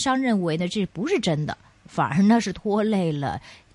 商認為呢，這不是真的，反而呢是拖累了。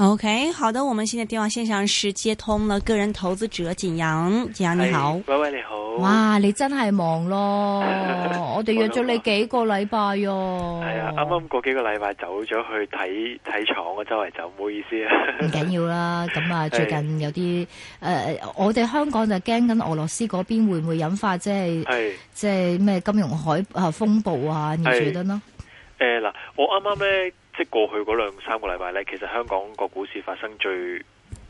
OK，好的，我們現在電話線上是接通了個人投資者景羊，景羊你好，hey, 喂喂你好，哇，你真係忙咯， 我哋約咗你幾個禮拜喲，係啊，啱啱過幾個禮拜走咗去睇睇廠，周圍走，唔好意思 啊，唔緊要啦，咁啊最近 Hey. 有啲誒、呃，我哋香港就驚緊俄羅斯嗰邊會唔會引發即係 Hey. 即係咩金融海、啊、風暴啊？你覺得呢？誒嗱、hey. hey. 呃，我啱啱咧。即過去嗰兩三個禮拜呢，其實香港個股市發生最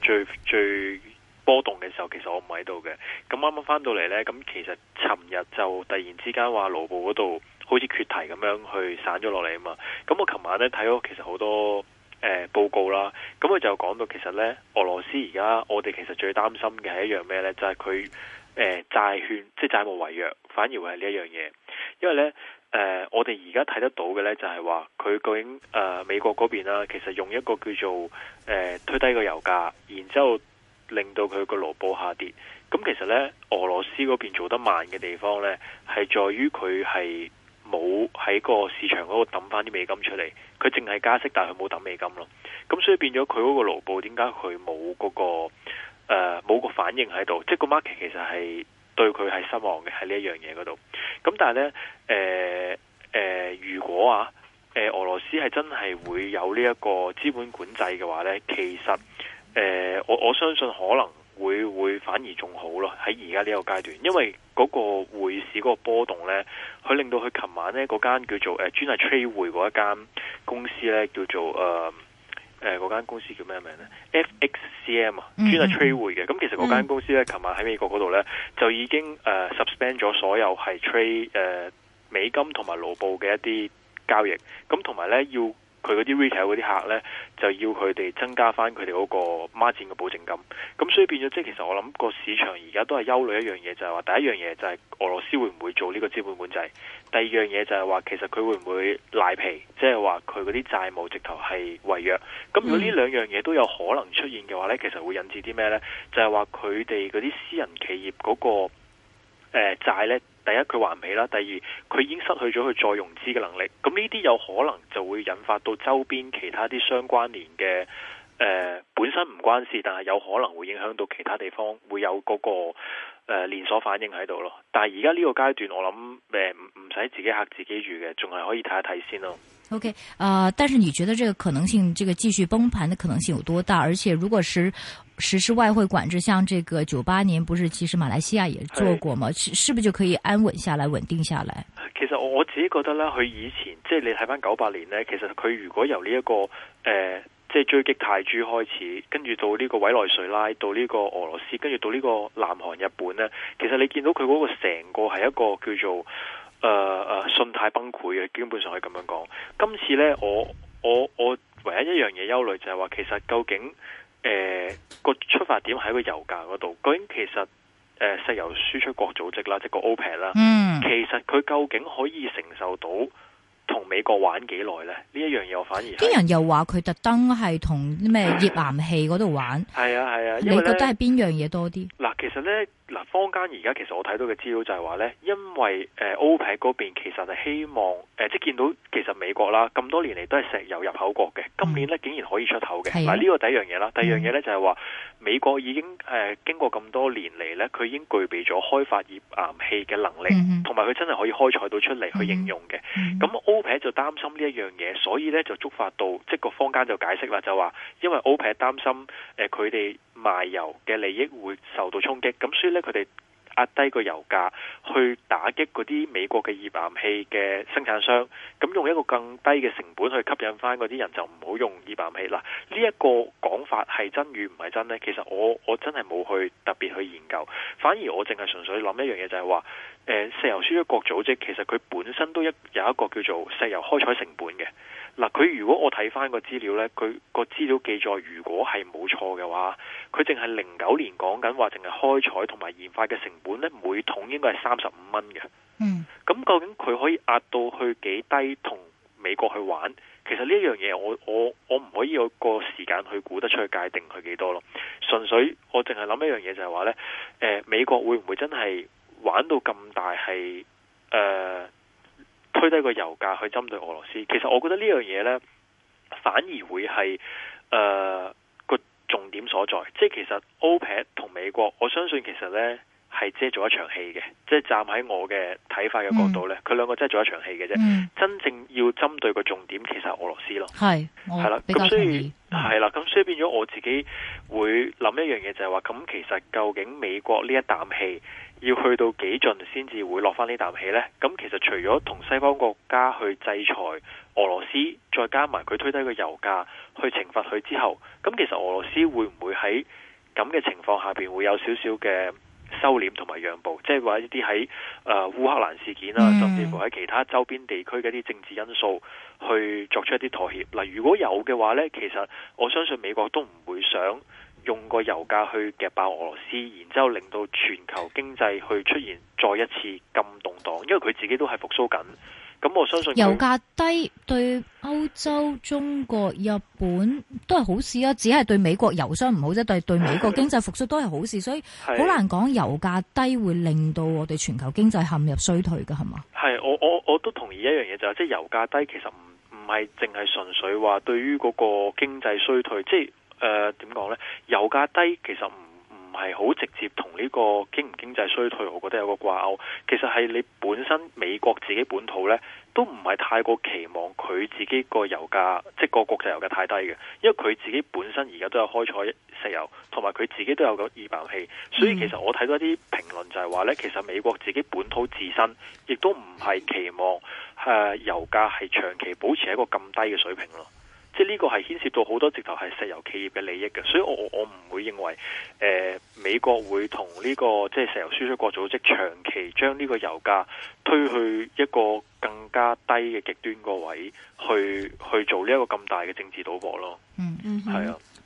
最最波動嘅時候，其實我唔喺度嘅。咁啱啱翻到嚟呢，咁其實尋日就突然之間話盧布嗰度好似決堤咁樣去散咗落嚟啊嘛。咁我琴晚呢，睇到其實好多誒、呃、報告啦，咁佢就講到其實呢，俄羅斯而家我哋其實最擔心嘅係一樣咩呢？就係佢。誒，債、呃、券即係債務違約，反而會係呢一樣嘢。因為呢，誒、呃，我哋而家睇得到嘅呢，就係話佢究竟誒、呃、美國嗰邊啦，其實用一個叫做誒、呃、推低個油價，然之後令到佢個盧布下跌。咁其實呢，俄羅斯嗰邊做得慢嘅地方呢，係在於佢係冇喺個市場嗰度抌翻啲美金出嚟，佢淨係加息，但係佢冇抌美金咯。咁所以變咗佢嗰個盧布，點解佢冇嗰個？誒，冇、呃、個反應喺度，即係個 market 其實係對佢係失望嘅，喺呢一樣嘢嗰度。咁但係呢，誒、呃、誒、呃，如果啊，誒、呃、俄羅斯係真係會有呢一個資本管制嘅話呢，其實誒、呃，我我相信可能會會反而仲好咯。喺而家呢個階段，因為嗰個匯市嗰個波動呢，佢令到佢琴晚呢嗰間叫做誒專業催匯嗰一間公司呢，叫做誒。呃誒嗰間公司叫咩名咧？FXCM 啊，cm, mm hmm. 專係 trade 匯嘅。咁其實嗰間公司咧，琴日喺美國嗰度咧，就已經、uh, suspend 咗所有係 trade、uh, 美金同埋盧布嘅一啲交易。咁同埋咧要，佢嗰啲 retail 嗰啲客呢，就要佢哋增加翻佢哋嗰個 margin 嘅保證金。咁所以變咗，即係其實我諗個市場而家都係憂慮一樣嘢，就係話第一樣嘢就係俄羅斯會唔會做呢個資本管制？第二樣嘢就係話其實佢會唔會賴皮，即係話佢嗰啲債務直頭係違約。咁如果呢兩樣嘢都有可能出現嘅話呢，其實會引致啲咩呢？就係話佢哋嗰啲私人企業嗰個誒債呢第一佢還唔起啦，第二佢已經失去咗佢再融資嘅能力，咁呢啲有可能就會引發到周邊其他啲相關聯嘅，誒、呃、本身唔關事，但係有可能會影響到其他地方會有嗰、那個誒、呃、連鎖反應喺度咯。但係而家呢個階段我諗誒唔唔使自己嚇自己住嘅，仲係可以睇一睇先咯。OK，啊、呃，但是你覺得呢個可能性，呢、這個繼續崩盤嘅可能性有多大？而且如果是實施外匯管制，像這個九八年，不是其實馬來西亞也做過嘛？是，是不是就可以安穩下來，穩定下來？其實我，我自己覺得呢佢以前即係你睇返九八年呢，其實佢如果由呢、這、一個誒、呃、即係追擊泰銖開始，跟住到呢個委內瑞拉，到呢個俄羅斯，跟住到呢個南韓、日本呢，其實你見到佢嗰個成個係一個叫做誒誒、呃、信貸崩潰嘅，基本上係咁樣講。今次呢，我我我唯一一樣嘢憂慮就係話，其實究竟。誒，個、呃、出發點喺個油價嗰度，究竟其實誒，石油輸出國組織啦，即個 OPEC 啦、嗯，其實佢究竟可以承受到同美國玩幾耐咧？呢一樣嘢我反而啲人又話佢特登係同咩頁岩氣嗰度玩，係啊係啊，你覺得係邊樣嘢多啲？嗱，其實咧。嗱，坊間而家其實我睇到嘅資料就係話咧，因為誒 OPEC 嗰邊其實係希望、呃、即係見到其實美國啦，咁多年嚟都係石油入口國嘅，今年咧竟然可以出口嘅。嗱呢個第一樣嘢啦，第二樣嘢咧的就係話。美國已經誒、呃、經過咁多年嚟咧，佢已經具備咗開發頁岩氣嘅能力，同埋佢真係可以開採到出嚟去應用嘅。咁、mm hmm. OPEC 就擔心呢一樣嘢，所以咧就觸發到即個、就是、坊間就解釋啦，就話因為 OPEC 擔心誒佢哋賣油嘅利益會受到衝擊，咁所以咧佢哋，他們壓低個油價，去打擊嗰啲美國嘅頁岩氣嘅生產商，咁用一個更低嘅成本去吸引翻嗰啲人就唔好用頁岩氣。嗱，呢一個講法係真與唔係真呢？其實我我真係冇去特別去研究，反而我淨係純粹諗一樣嘢就係話、呃，石油輸出國組織其實佢本身都一有一個叫做石油開採成本嘅。嗱，佢如果我睇翻個資料咧，佢個資料記載如果係冇錯嘅話，佢淨係零九年講緊話，淨係開採同埋研發嘅成本咧，每桶應該係三十五蚊嘅。嗯，咁究竟佢可以壓到去幾低？同美國去玩，其實呢一樣嘢，我我我唔可以有個時間去估得出去界定佢幾多咯。純粹我淨係諗一樣嘢，就係話咧，誒，美國會唔會真係玩到咁大？係、呃、誒。推低個油價去針對俄羅斯，其實我覺得呢樣嘢呢，反而會係誒、呃、個重點所在。即係其實 OPEC 同美國，我相信其實呢係即係做一場戲嘅。即係站喺我嘅睇法嘅角度呢，佢兩、嗯、個真係做一場戲嘅啫。嗯、真正要針對個重點，其實係俄羅斯咯。係係啦，咁所以係、嗯、啦，咁所以變咗我自己會諗一樣嘢、就是，就係話咁其實究竟美國呢一啖氣？要去到幾盡先至會落返呢啖氣呢？咁其實除咗同西方國家去制裁俄羅斯，再加埋佢推低個油價去懲罰佢之後，咁其實俄羅斯會唔會喺咁嘅情況下邊會有少少嘅收斂同埋讓步？即係話一啲喺呃，烏克蘭事件啦、啊，甚至乎喺其他周邊地區嘅啲政治因素去作出一啲妥協。嗱，如果有嘅話呢，其實我相信美國都唔會想。用個油價去夾爆俄羅斯，然之後令到全球經濟去出現再一次咁動盪，因為佢自己都係復甦緊。咁我相信油價低對歐洲、中國、日本都係好事啊，只係對美國油商唔好啫，但對美國經濟復甦都係好事， 所以好難講油價低會令到我哋全球經濟陷入衰退噶，係嘛？係我我我都同意一樣嘢就係，即係油價低其實唔唔係淨係純粹話對於嗰個經濟衰退，即係。誒，點講呢，油價低其實唔唔係好直接同呢個經唔經濟衰退，我覺得有個掛鈎。其實係你本身美國自己本土呢都唔係太過期望佢自己個油價，即係個國際油價太低嘅。因為佢自己本身而家都有開採石油，同埋佢自己都有個液化氣。所以其實我睇到一啲評論就係話呢，其實美國自己本土自身亦都唔係期望，呃、油價係長期保持喺一個咁低嘅水平咯。即係呢個係牽涉到好多直頭係石油企業嘅利益嘅，所以我我我唔會認為誒、呃、美國會同呢、這個即係石油輸出國組織長期將呢個油價推去一個更加低嘅極端個位去去做呢一個咁大嘅政治賭博咯。嗯嗯，係、嗯、啊。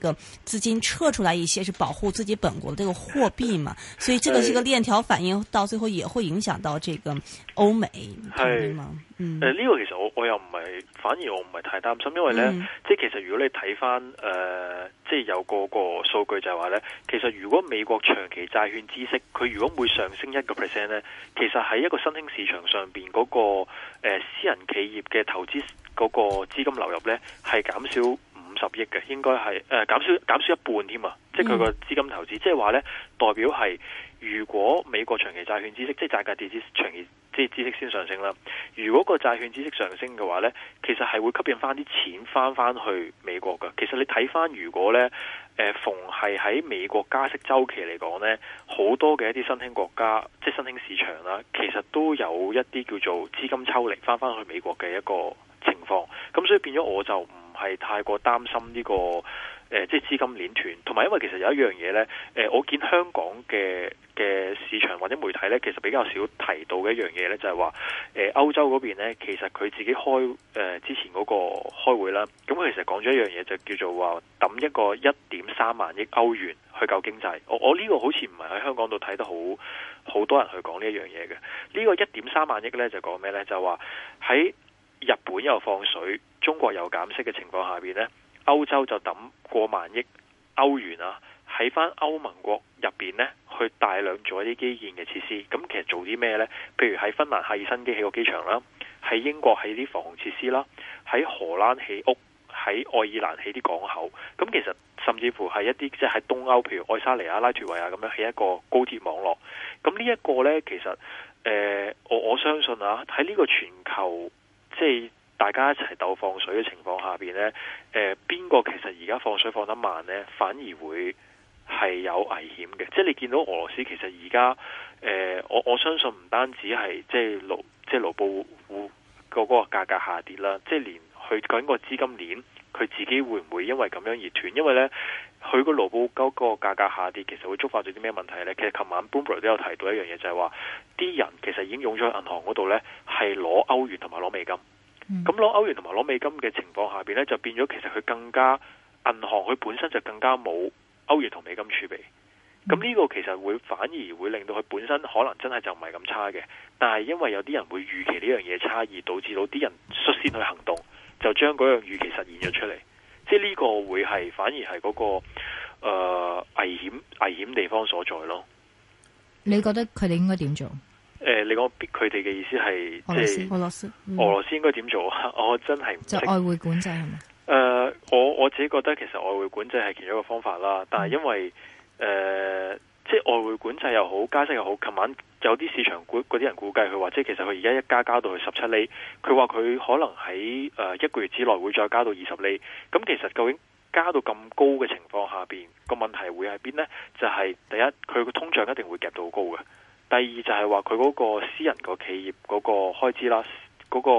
這個資金撤出來一些，是保護自己本國的這個貨幣嘛，所以這個係個鏈條反應，到最後也會影響到這個歐美。係是，誒呢、嗯、個其實我我又唔係，反而我唔係太擔心，因為咧，即係其實如果你睇翻誒，即係有個個數據就係話咧，其實如果美國長期債券孳息佢如果每上升一個 percent 咧，其實喺一個新興市場上邊、那個誒、呃、私人企業嘅投資嗰、那個資金流入咧係減少。十億嘅，應該係誒減少減少一半添啊！即係佢個資金投資，即係話呢，代表係如果美國長期債券孳息，即係債價跌知，長期即係孳息先上升啦。如果個債券孳息上升嘅話呢，其實係會吸引返啲錢返返去美國㗎。其實你睇返，如果呢誒、呃、逢係喺美國加息周期嚟講呢，好多嘅一啲新興國家，即係新興市場啦、啊，其實都有一啲叫做資金抽離返返去美國嘅一個情況。咁所以變咗我就。係太過擔心呢、這個誒、呃，即係資金鏈斷，同埋因為其實有一樣嘢呢。誒、呃，我見香港嘅嘅市場或者媒體呢，其實比較少提到嘅一樣嘢呢，就係、是、話，誒、呃，歐洲嗰邊呢，其實佢自己開誒、呃、之前嗰個開會啦，咁、嗯、佢其實講咗一樣嘢，就叫做話抌一個一點三萬億歐元去救經濟。我我呢個好似唔係喺香港度睇得好，好多人去講呢一樣嘢嘅。呢、這個一點三萬億呢，就講、是、咩呢？就話喺。日本又放水，中國又減息嘅情況下邊呢，歐洲就抌過萬億歐元啊，喺翻歐盟國入邊呢，去大量做一啲基建嘅設施。咁其實做啲咩呢？譬如喺芬蘭、赫爾辛基起個機場啦，喺英國起啲防洪設施啦，喺荷蘭起屋，喺愛爾蘭起啲港口。咁其實甚至乎係一啲即係喺東歐，譬如愛沙尼亞、拉脱維亞咁樣起一個高鐵網絡。咁呢一個呢，其實、呃、我我相信啊，喺呢個全球。即係大家一齊鬥放水嘅情況下邊呢誒，邊個，其實而家放水放得慢呢，反而會係有危險嘅。即係你見到俄羅斯其實而家，誒、呃，我我相信唔單止係即係盧即係盧布嗰個價格下跌啦，即係連去緊個資金鏈。佢自己會唔會因為咁樣而斷？因為咧，佢個盧布嗰個價格下跌，其實會觸發咗啲咩問題咧？其實琴晚 Bloomberg 都有提到一樣嘢，就係話啲人其實已經用咗去銀行嗰度咧，係攞歐元同埋攞美金。咁攞歐元同埋攞美金嘅情況下邊咧，就變咗其實佢更加銀行佢本身就更加冇歐元同美金儲備，咁呢、嗯、個其實會反而會令到佢本身可能真係就唔係咁差嘅。但係因為有啲人會預期呢樣嘢差，而導致到啲人率先去行動。就將嗰樣預期實現咗出嚟，即係呢個會係反而係嗰、那個誒、呃、危險危險地方所在咯。你覺得佢哋應該點做？誒、呃，你講佢哋嘅意思係俄羅斯，俄羅斯、嗯、俄羅斯應該點做啊？我真係唔就外匯管制係咪？誒、呃，我我自己覺得其實外匯管制係其中一個方法啦，但係因為誒。呃即係外匯管制又好，加息又好，琴晚有啲市場嗰啲人估計佢話，即係其實佢而家一加加到去十七厘，佢話佢可能喺誒一個月之內會再加到二十厘。咁其實究竟加到咁高嘅情況下邊個問題會喺邊呢？就係第一，佢個通脹一定會夾到好高嘅；第二就係話佢嗰個私人個企業嗰個開支啦，嗰個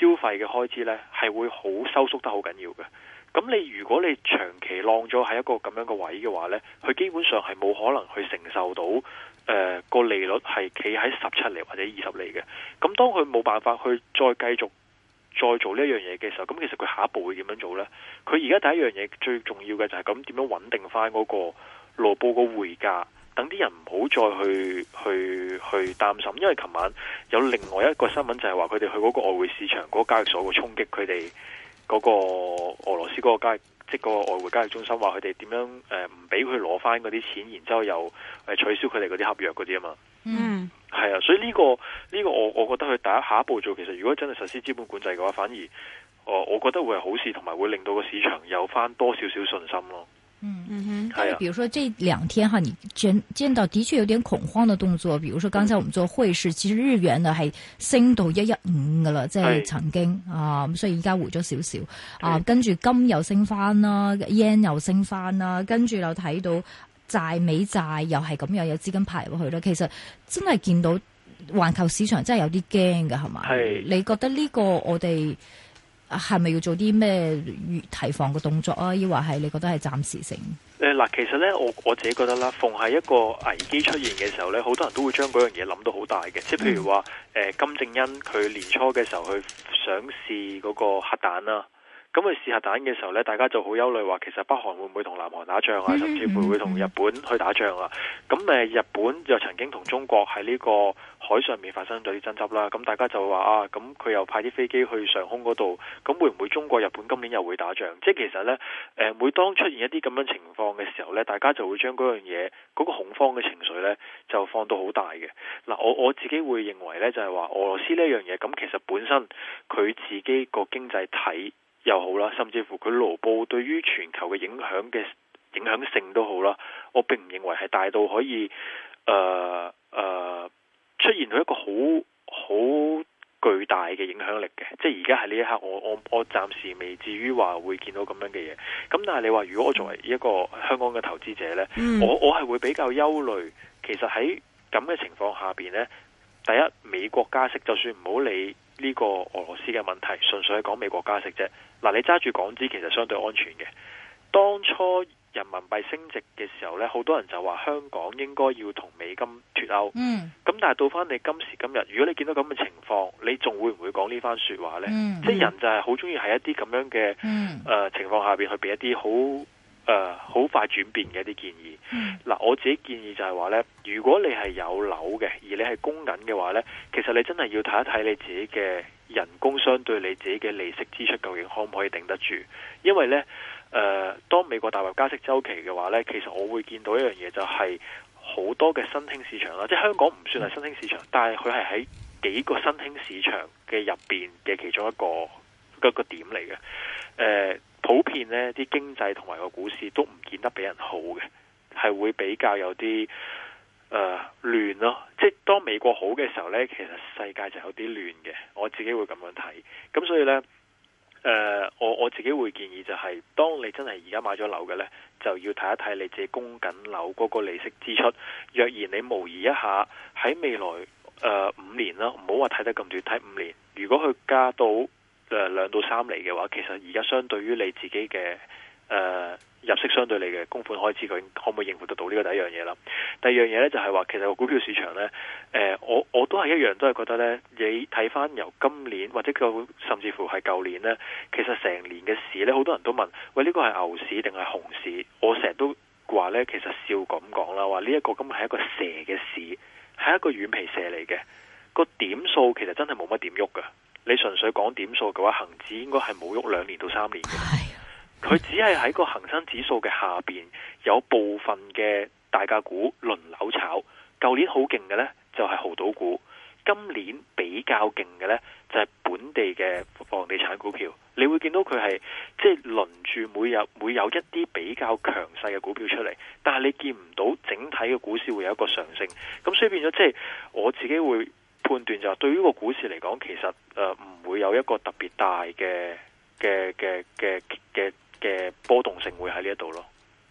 消費嘅開支呢，係會好收縮得好緊要嘅。咁你如果你長期晾咗喺一個咁樣嘅位嘅話呢，佢基本上係冇可能去承受到誒個、呃、利率係企喺十七厘或者二十厘嘅。咁當佢冇辦法去再繼續再做呢一樣嘢嘅時候，咁其實佢下一步會點樣做呢？佢而家第一樣嘢最重要嘅就係咁點樣穩定翻嗰個盧布個匯價，等啲人唔好再去去去擔心。因為琴晚有另外一個新聞就係話佢哋去嗰個外匯市場嗰個交易所嘅衝擊，佢哋。嗰個俄羅斯嗰個交易，即係嗰個外匯交易中心話佢哋點樣誒唔俾佢攞翻嗰啲錢，然之後又誒取消佢哋嗰啲合約嗰啲啊嘛，嗯，係啊，所以呢個呢個我我覺得佢第一下一步做，其實如果真係實施資本管制嘅話，反而我、呃、我覺得會係好事，同埋會令到個市場有翻多少少信心咯。嗯嗯哼，但是，比如說這兩天哈，啊、你見見到的確有點恐慌的動作，比如說剛才我們做匯市、嗯、其實日元呢，係升到一一五噶啦，即、就、係、是、曾經啊，咁是、呃、所以而家回咗少少啊，呃、對跟住金又升翻啦 yen 又升翻啦，跟住又睇到債美債又係咁樣有資金排過去啦，其實真係見到環球市場真係有啲驚嘅係嘛，是你覺得呢個我哋？係咪要做啲咩預提防嘅動作啊？抑或係你覺得係暫時性？誒嗱、呃，其實咧，我我自己覺得啦，逢係一個危機出現嘅時候咧，好多人都會將嗰樣嘢諗到好大嘅，即係譬如話，誒、嗯呃、金正恩佢年初嘅時候，佢想試嗰個核彈啦。咁去試核彈嘅時候呢，大家就好憂慮話，其實北韓會唔會同南韓打仗啊？甚至會唔會同日本去打仗啊？咁日本又曾經同中國喺呢個海上面發生咗啲爭執啦。咁大家就話啊，咁佢又派啲飛機去上空嗰度，咁會唔會中國日本今年又會打仗？即係其實呢，每當出現一啲咁樣情況嘅時候呢，大家就會將嗰樣嘢嗰個恐慌嘅情緒呢，就放到好大嘅。嗱，我我自己會認為呢，就係話俄羅斯呢樣嘢，咁其實本身佢自己個經濟體，又好啦，甚至乎佢盧布對於全球嘅影響嘅影響性都好啦。我並唔認為係大到可以誒誒、呃呃、出現到一個好好巨大嘅影響力嘅。即係而家係呢一刻，我我我暫時未至於話會見到咁樣嘅嘢。咁但係你話如果我作為一個香港嘅投資者咧，嗯，我我係會比較憂慮，其實喺咁嘅情況下邊咧，第一美國加息，就算唔好理。呢個俄羅斯嘅問題，純粹係講美國加息啫。嗱，你揸住港紙其實相對安全嘅。當初人民幣升值嘅時候呢，好多人就話香港應該要同美金脱歐。嗯。咁但係到翻你今時今日，如果你見到咁嘅情況，你仲會唔會講呢番說話呢？嗯、即係人就係好中意喺一啲咁樣嘅、嗯呃，情況下邊去俾一啲好。誒，好、呃、快轉變嘅一啲建議。嗱、嗯，我自己建議就係話呢：如果你係有樓嘅，而你係供緊嘅話呢，其實你真係要睇一睇你自己嘅人工相對你自己嘅利息支出，究竟可唔可以頂得住？因為呢，誒、呃，當美國大話加息週期嘅話呢，其實我會見到一樣嘢，就係好多嘅新興市場啦，即係香港唔算係新興市場，但係佢係喺幾個新興市場嘅入邊嘅其中一個一個，一個點嚟嘅，誒、呃。普遍呢啲經濟同埋個股市都唔見得比人好嘅，係會比較有啲誒、呃、亂咯。即係當美國好嘅時候呢，其實世界就有啲亂嘅。我自己會咁樣睇，咁所以呢，誒、呃，我我自己會建議就係、是，當你真係而家買咗樓嘅呢，就要睇一睇你自己供緊樓嗰個利息支出。若然你模擬一下喺未來誒五、呃、年啦，唔好話睇得咁短，睇五年，如果佢加到。兩兩到三釐嘅話，其實而家相對於你自己嘅誒、呃、入息，相對你嘅供款開支，佢可唔可以應付得到呢、呢個第一樣嘢啦？第二樣嘢咧就係話，其實個股票市場咧、呃，我我都係一樣，都係覺得咧，你睇翻由今年或者佢甚至乎係舊年咧，其實成年嘅市咧，好多人都問：喂，呢、呢個係牛市定係熊市？我成日都話咧，其實笑咁講啦，話呢一個咁係一個蛇嘅市，係一個軟皮蛇嚟嘅，個點數其實真係冇乜點喐㗎。你純粹講點數嘅話，恒指應該係冇喐兩年到三年嘅，佢只係喺個恒生指數嘅下邊有部分嘅大價股輪流炒。舊年好勁嘅呢，就係、是、豪賭股，今年比較勁嘅呢，就係、是、本地嘅房地產股票。你會見到佢係即係輪住每日會有一啲比較強勢嘅股票出嚟，但係你見唔到整體嘅股市會有一個上升。咁所以變咗，即、就、係、是、我自己會。判斷就係對於個股市嚟講，其實誒唔會有一個特別大嘅嘅嘅嘅嘅嘅波動性會喺呢一度咯。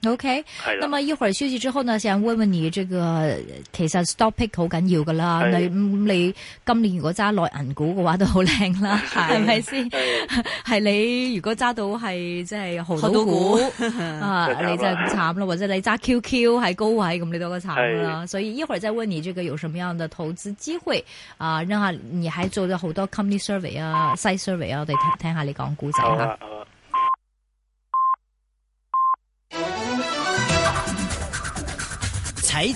O K，係啦。那麼一會兒休息之後呢，想問問你，這個其實 stock pick 好緊要噶啦。你你今年如果揸內銀股嘅話都好靚啦，係咪先？係你如果揸到係即係好多股你真係慘咯。或者你揸 Q Q 喺高位咁你都個慘啦。所以一會兒再問你，這個有什麼樣的投資機會啊？然後你還做咗好多 company survey 啊、size survey 啊，我哋聽聽下你講故仔啦。